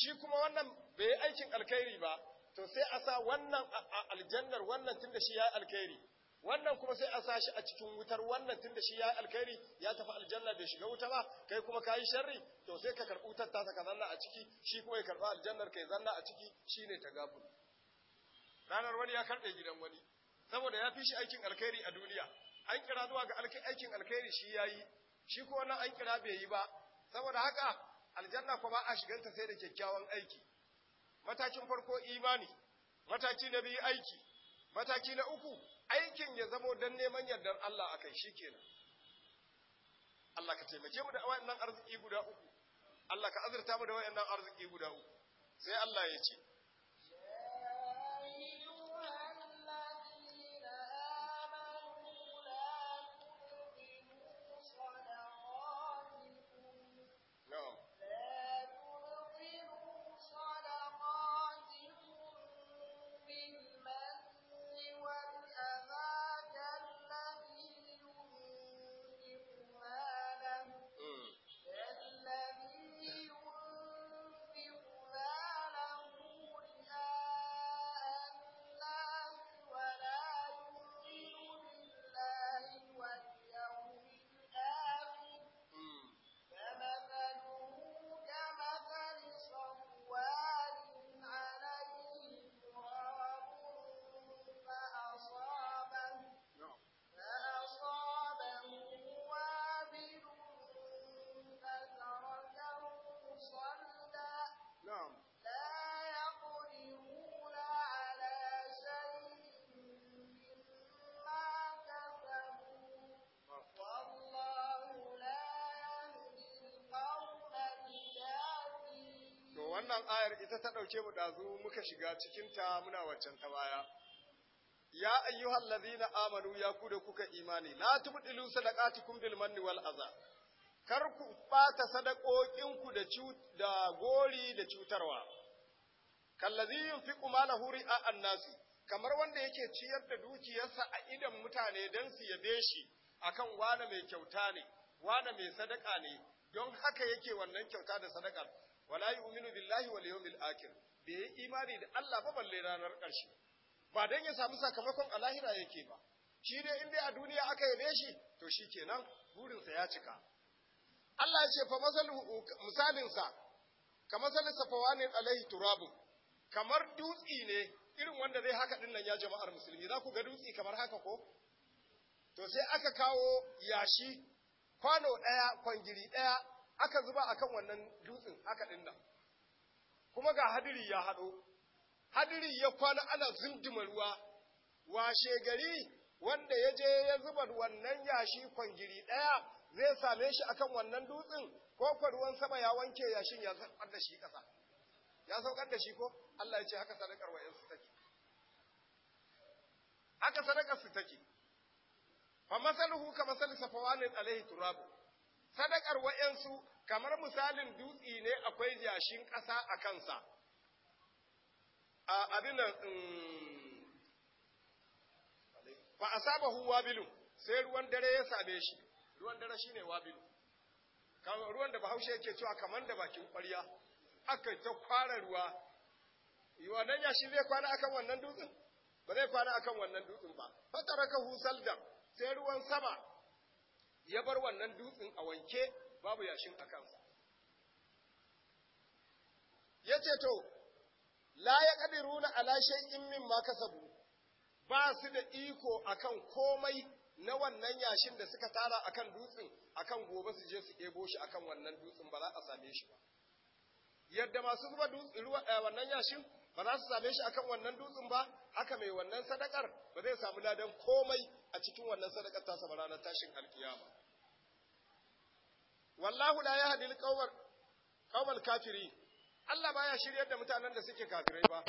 shi kuma wannan bai yi aikin alkhairi ba to sai a sa wannan aljannar wannan tunda shi ya yi alkhairi wannan kuma sai a sa shi a cikin wutar wannan tunda shi ya yi alkhairi ya tafi aljanna bai shiga wuta ba kai kuma ka yi sharri to sai ka karɓi wutar tasa ka zanna a ciki shi kuma ya karɓi aljannar ka ya zanna a ciki shi ne ta gafu ranar wani ya karɓe gidan wani saboda ya fi shi aikin alkhairi a duniya an kira zuwa ga aikin alkhairi shi ya yi, shi ko wannan an kira bai yi ba saboda haka aljanna kuma a shiganta sai da kyakkyawan aiki matakin farko imani mataki na biyu aiki mataki na uku aikin ya zamo don neman yardar Allah a kai shi kenan. Allah ka taimake mu da wayannan arziki guda uku Allah ka azurta mu da wayannan arziki guda uku sai Allah ya ce wannan ayar ita ta ɗauke mu ɗazu muka shiga cikinta muna waccan ta baya. Ya ayyuhal ladhina amanu ya ku da kuka imani, la tubdilu sadaqatikum bil manni wal aza. Kar ku bata sadakokinku da da gori da cutarwa. ladhi yunfiqu malahu ri'a nasi kamar wanda yake ciyar da dukiyarsa a idan mutane dan su yabe shi akan wani mai kyauta ne, wani mai sadaka ne, don haka yake wannan kyauta da sadaka. wala yu'minu billahi wal yawmil akir. bai yi imani da Allah fa balle ranar karshe ba dan ya samu sakamakon a lahira yake ba shi dai in dai a duniya aka yabe shi to shi kenan burinsa ya cika Allah ya ce fa misalinsa ka masalin safawanin alaihi turabu kamar dutsi ne irin wanda zai haka din nan ya jama'ar musulmi za ku ga dutsi kamar haka ko to sai aka kawo yashi kwano ɗaya kwangiri ɗaya aka zuba akan wannan dutsen aka dinna kuma ga hadiri ya haɗo hadiri ya kwana ana zindima ruwa washe gari wanda ya je ya zuba wannan yashi kwangiri ɗaya zai same shi akan wannan dutsen ko kwa ruwan sama ya wanke yashin ya saukar da shi ƙasa ya saukar da shi ko Allah ya ce haka sadakar wa yansu take haka sadakar su take fa masaluhu ka masal safawanin alaihi turabu sadakar wa'yansu kamar misalin dutse ne akwai yashin ƙasa a kansa a abin nan mm, fa asabahu wabilu sai ruwan dare ya same shi ruwan dare shine wabilun ruwan da bahaushe yake cewa kamar da bakin ƙwarya aka ta kwara ruwa wannan yashi zai kwana akan wannan dutsen ba zai kwana akan wannan dutsen ba fataraka husaldan sai ruwan sama ya bar wannan dutsen a wanke babu yashin a kansa ya ce to la ya ƙadiruna ala shay'in min ma kasabu ba su da iko akan komai na wannan yashin da suka tara akan dutsen akan gobe su je su ebo shi akan wannan dutsen ba za a same shi ba yadda masu zuba eh, wannan yashin ba za su same shi akan wannan dutsen ba haka mai wannan sadakar ba zai samu ladan komai a cikin wannan sadakar ta ba ranar tashin alkiyama wallahu la yahdi alqawmal qawmal kafiri Allah baya shiryar da mutanen da suke kafirai ba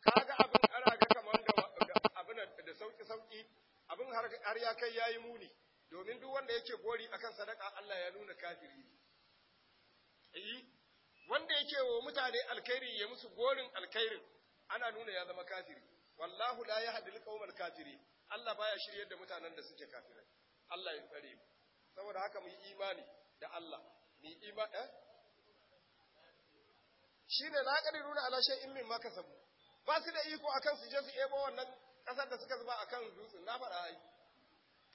kaga abin ara ga kaman da abin da sauki sauki abin har ya kai yayi muni domin duk wanda yake gori akan sadaka Allah ya nuna kafiri eh wanda yake wa mutane alkhairi ya musu gorin alkhairin ana nuna ya zama kafiri wallahu la yahdi qaumal kafiri Allah baya shiryar da mutanen da suke kafirai Allah ya tsare mu saboda haka mu yi imani da Allah ni ima eh shine la nuna ala min ma kasabu ba su da iko akan su je su ebo wannan kasar da suka zuba akan dutsen na fara ai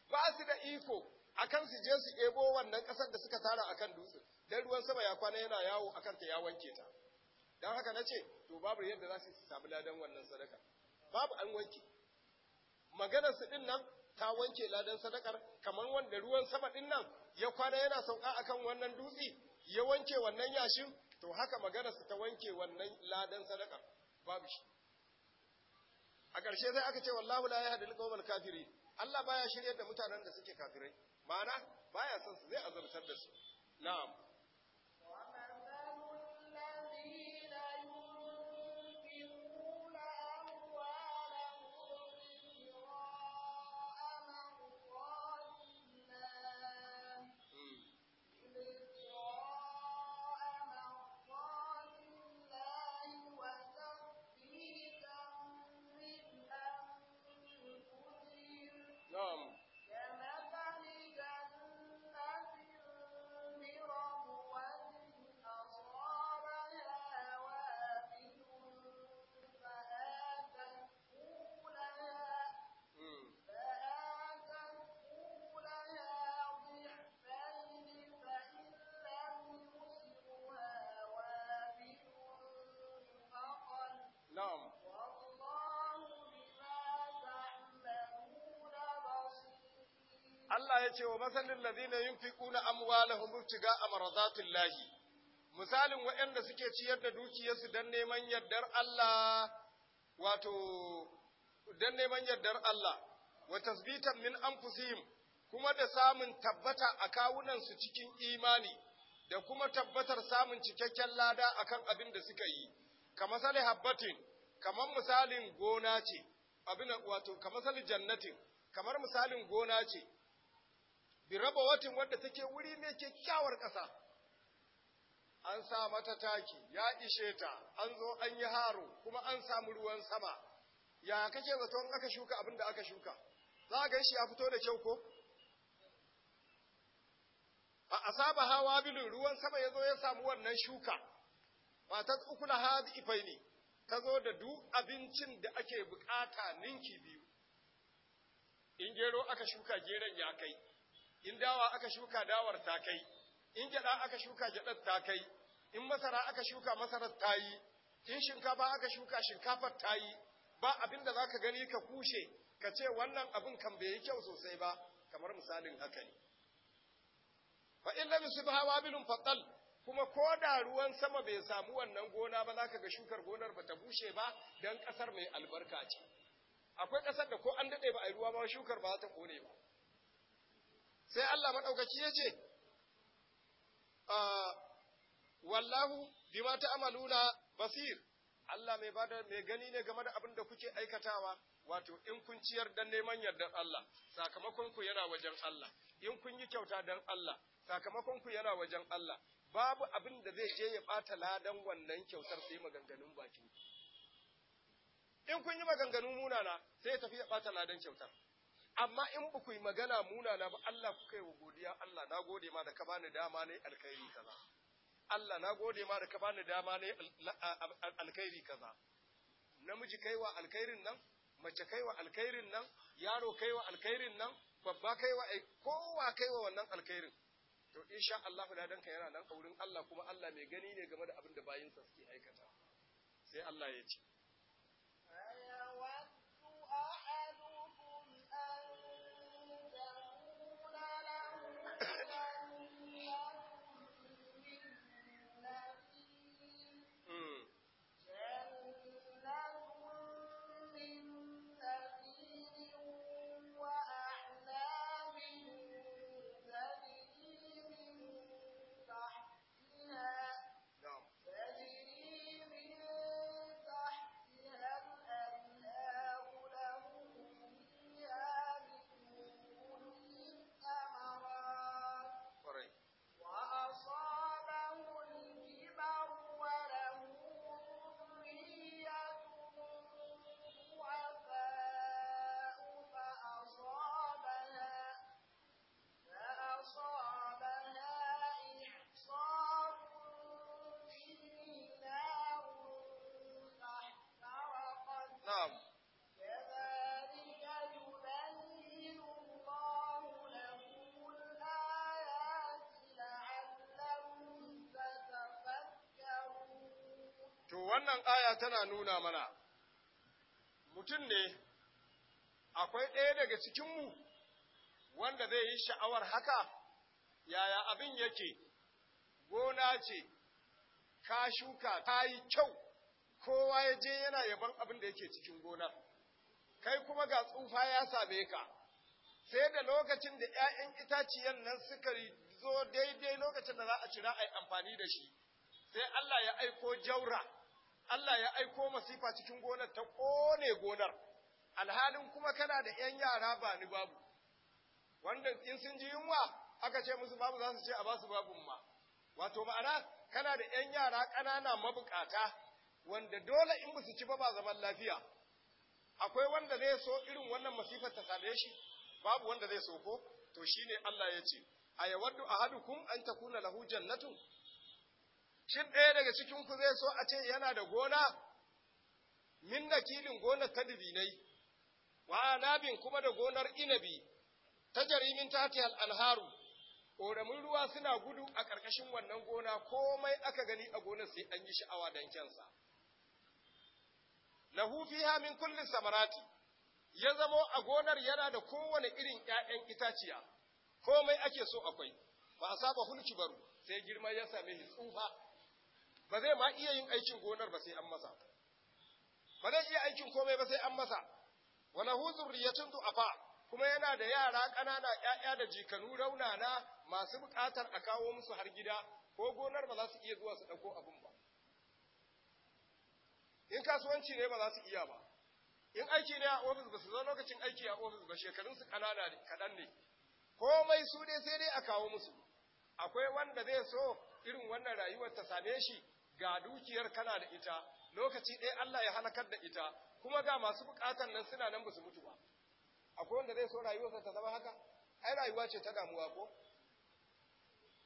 ba su da iko akan su je su ebo wannan ƙasar da suka tara akan dutse dan ruwan sama ya kwana yana yawo akan ta ya wanke ta dan haka nace to babu yadda za su samu ladan wannan sadaka babu an wanke maganar su din nan ta wanke ladan sadakar kamar wanda ruwan sama din nan ya kwana yana sauka akan wannan dutse ya wanke wannan yashin to haka maganar su ta wanke wannan ladan sadakar babu shi a ƙarshe sai aka ce wallahu la yahdil qawmal kafirin Allah baya shiryar da mutanen da suke kafirai ma'ana baya son su zai azabtar da su na'am Allah ya ce wa masalin ladina yunfiquna amwalahum ibtiga'a maradatillahi misalin waɗanda suke ciyar da dukiyarsu don neman yardar Allah wato dan neman yardar Allah wa tasbitan min anfusihim kuma da samun tabbata a kawunan su cikin imani da kuma tabbatar samun cikakken lada akan abin da suka yi kamar sali habbatin kamar misalin gona ce abin wato kamar sali jannatin kamar misalin gona ce bi raba watin wadda take wuri mai kyakkyawar ƙasa an sa mata taki ya ishe ta an zo an yi haro kuma an samu ruwan sama ya kake zato in aka shuka abin da aka shuka za ka shi ya fito da kyau ko a asaba hawa bilin ruwan sama ya zo ya samu wannan shuka matar uku na hadi ifai ne ta zo da duk abincin da ake bukata ninki biyu in gero aka shuka geron ya kai in dawa aka shuka dawar ta kai in gyaɗa aka shuka gyaɗar ta kai in masara aka shuka masarar ta yi in shinkafa aka shuka shinkafar ta yi ba abin da za ka gani ka kushe ka ce wannan abin kan bai yi kyau sosai ba kamar misalin haka ne fa in lam hawa wabilun fatal kuma ko da ruwan sama bai samu wannan gona ba zaka ga shukar gonar ba ta bushe ba dan kasar mai albarka ce akwai kasar da ko an dade ba a ruwa ba shukar ba za ta kone ba sai Allah maɗaukaki ya ce, ah, Wallahu ta ta'maluna basir, Allah mai bada mai gani ne game da abin da kuke aikatawa, wato in kun ciyar dan neman yardar Allah, sakamakon ku yana wajen Allah, in kun yi kyauta dan Allah, sakamakon ku yana wajen Allah, babu abin da zai je ya ɓata ladan wannan kyautar sai maganganun bakin. In kun yi maganganun munana sai ya tafi ya ɓata ladan kyautar. amma in ba ku yi magana na ba Allah ku kai wa godiya Allah na gode ma da ka bani dama ne alkhairi kaza Allah na gode ma da ka bani dama ne alkhairi kaza namiji kaiwa alkhairin nan mace kaiwa alkhairin nan yaro kaiwa alkhairin nan babba kaiwa ai eh, kowa kaiwa wannan alkhairin to insha Allah da danka yana nan aurin Allah kuma Allah mai gani ne game da abin da sa suke aikata sai Allah ya ce wannan aya tana nuna mana mutum ne akwai ɗaya daga cikinmu wanda zai yi sha'awar haka yaya abin yake gona ce ka shuka ta yi kyau kowa ya je yana yaban abin da yake cikin gonar kai kuma ga tsufa ya same ka sai da lokacin da ‘ya'yan itaciyan nan suka zo daidai lokacin da za a cira a yi amfani da shi sai Allah ya aiko jaura Allah ya aiko masifa cikin gonar ta kone gonar, alhalin kuma kana da ‘yan yara ba ni babu, wanda in sun ji yunwa aka ce musu babu za su ce a ba su babun ma. Wato ma'ana, kana da ‘yan yara ƙanana mabukata, wanda dole in ba ci ba ba zaman lafiya. Akwai wanda zai so irin wannan masifar ta same shi, babu wanda zai so ko, to shine Allah ya ce, a yawaddu ahadukum an takuna lahu jannatun Shin ɗaya daga cikin ku zai so a ce yana da gona? Min na kilin gonar ta dubinai, wa anabin kuma da gonar inabi, ta jarimin tati al'anharu, ƙoramin ruwa suna gudu a ƙarƙashin wannan gona komai aka gani a gonar sai an yi sha'awa don kyansa. Lahu fiha min kullin samarati, ya zamo a gonar yana da kowane irin ‘ya'yan itaciya, komai ake so akwai, ba a saba hulki baro, sai girma ya same shi tsufa ba zai ma iya yin aikin gonar ba sai an masa ba zai iya aikin komai ba sai an masa wa lahu zurriyatun du'afa kuma yana da yara ƙanana ƴaƴa da jikanu raunana masu buƙatar a kawo musu har gida ko gonar ba za su iya zuwa su ɗauko abin ba in kasuwanci ne ba za su iya ba in aiki ne a ofis ba su zo lokacin aiki a ofis ba shekarunsu ƙanana ne kaɗan ne komai su ne sai dai a kawo musu akwai wanda zai so irin wannan rayuwar ta same shi ga dukiyar kana da ita lokaci ɗaya Allah ya halakar da ita kuma ga masu bukatan nan suna nan basu mutu ba akwai wanda zai so rayuwarsa ta zama haka ai rayuwa ce ta damuwa ko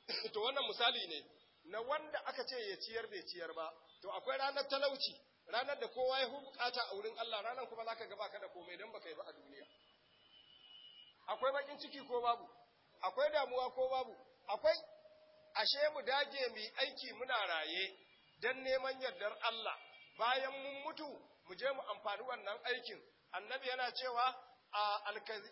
to wannan misali ne na wanda aka ce ya ciyar bai ciyar ba to akwai ranar talauci ranar da kowa ya buƙata a wurin Allah ranar kuma zaka ga baka da komai dan baka yi ba a duniya akwai bakin ciki ko babu akwai damuwa ko babu akwai ashe mu dage mu aiki muna raye don neman yardar Allah bayan mun mutu mu je mu amfani wannan aikin annabi yana cewa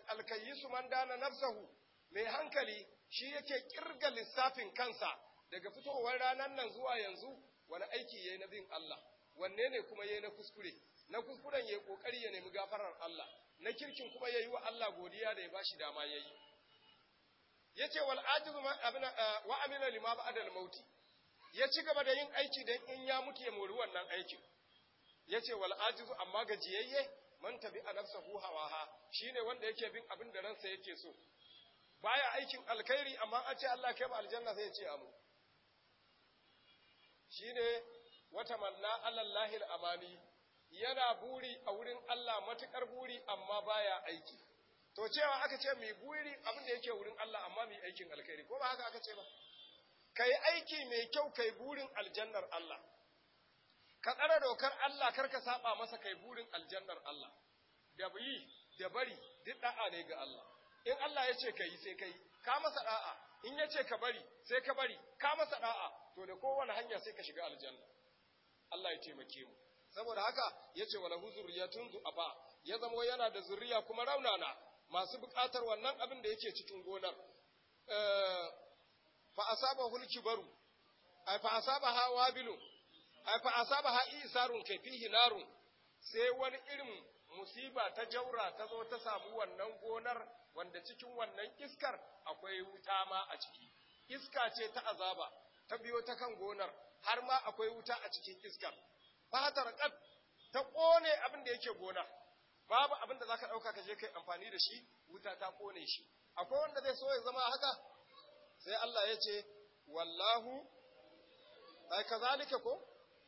alkayisu man dana nafsahu mai hankali shi yake kirga lissafin kansa daga fitowar ranar nan zuwa yanzu wani aiki yayi na bin Allah wanne ne kuma yayi na kuskure na kuskuren yayi kokari ya nemi gafarar Allah na kirkin kuma yayi wa Allah godiya da ya bashi dama yayi yace wal ajizu ma abna wa amila lima ba'da al mauti ya ci gaba da yin aiki don in ya mutu ya mori wannan aikin ya ce wal amma gajiyayye man tabi a ha Shi ne wanda yake bin abin da ransa yake so baya aikin alkhairi amma an ce Allah kai ma aljanna sai ya ce amu ne wata manna alallahi amani yana buri a wurin Allah matukar buri amma baya aiki to cewa aka ce mai buri abin da yake wurin Allah amma mai aikin alkhairi ko ba haka aka ce ba ka yi aiki mai kyau kai burin aljannar Allah ka tsara dokar Allah kar ka saba masa kai burin aljannar Allah da yi da bari duk da'a ne ga Allah in Allah ya ce ka yi sai ka yi ka masa da'a in ya ce ka bari sai ka bari ka masa da'a to da kowane hanya sai ka shiga aljanna Allah ya taimake mu saboda haka ya ce ya a ba? ya zama yana da zuriya kuma raunana masu buƙatar wannan abin da yake cikin gonar eh, fa asaba hulki ai fa asaba ha wabilun ai fa asaba ha isarun kai narun sai wani irin musiba ta jaura ta zo ta samu wannan gonar wanda cikin wannan iskar akwai wuta ma a ciki iska ce ta azaba ta biyo ta kan gonar har ma akwai wuta a cikin iskar fatar qad ta kone abin da yake gona babu abin da zaka dauka ka je kai amfani da shi wuta ta kone shi akwai wanda zai so ya zama haka sai Allah ya ce wallahu ai kazalika ko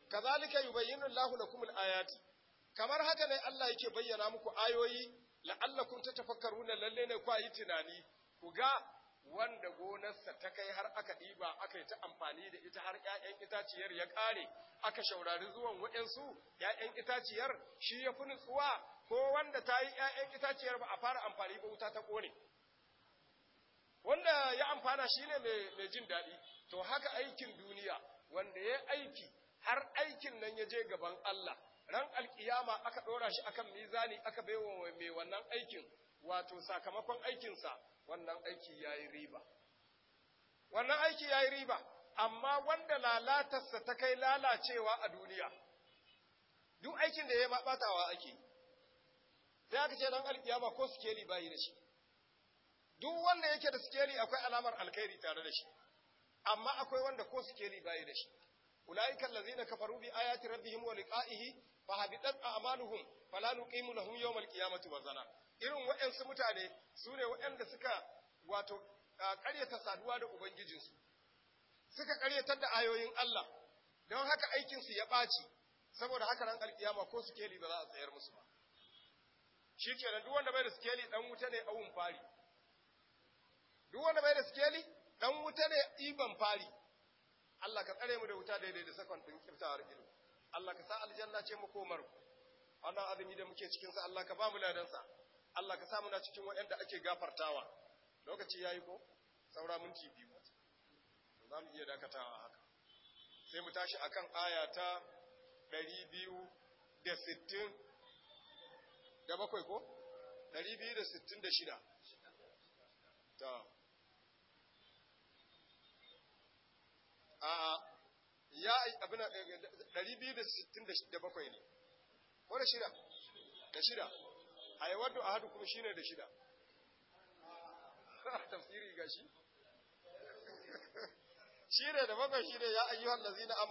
kazalika yubayyinu Allahu lakum al-ayati kamar haka ne Allah yake bayyana muku ayoyi ta tafakkaru na lalle ne ku yi tunani ku ga wanda gonarsa ta kai har aka ɗiba aka yi ta amfani da ita har ‘ya'yan itaciyar ya ƙare, aka shaurari zuwan waɗansu ‘ya'yan itaciyar shi ya fi nutsuwa ko wanda ta yi ‘ya'yan itaciyar ba a fara amfani ba wuta ta ƙone. wanda ya amfana shine mai jin daɗi to haka aikin duniya wanda ya aiki har aikin nan ya je gaban Allah ran alkiyama aka ɗora shi akan mizani aka baiwa mai wannan aikin wato sakamakon aikinsa wannan aiki ya yi riba wannan aiki ya yi riba amma wanda lalatarsa ta kai lalacewa a duniya duk aikin da ya ma ɓatawa ake sai aka ce ran alkiyama ko sikeli bayi da shi duk wanda yake da sikeli akwai alamar alkhairi tare da shi amma akwai wanda ko sikeli bai da shi ulaika allazina kafaru bi ayati rabbihim wa liqa'ihi fa habitat a'maluhum fala nuqimu lahum yawm alqiyamati wazana irin wa'ansu mutane sune wa'anda suka wato ƙaryata saduwa da ubangijinsu suka ƙaryatar da ayoyin Allah don haka aikinsu ya ɓaci saboda haka ran alkiyama ko sikeli ba za a tsayar musu ba shi kenan duk wanda bai da sikeli dan wuta ne awun fari duk wanda bai da sikeli dan wuta ne iban fari Allah ka tsare mu da wuta daidai da sakon din kiftawar ido Allah ka sa aljanna ce mu komar wannan azumi da muke cikin sa Allah ka ba mu ladan sa Allah ka sa mu na cikin waɗanda ake gafartawa lokaci yayi ko saura minti biyu za mu iya dakatawa haka sai mu tashi akan aya ta 260 da bakwai ko 266 ta a ya abin da 267 eh, ne ko da shida da shida a yi wadda a hadu kuma shi ne da shida tafsiri ga shi shi ne da bakwai shi ne ya ayyuhan lazina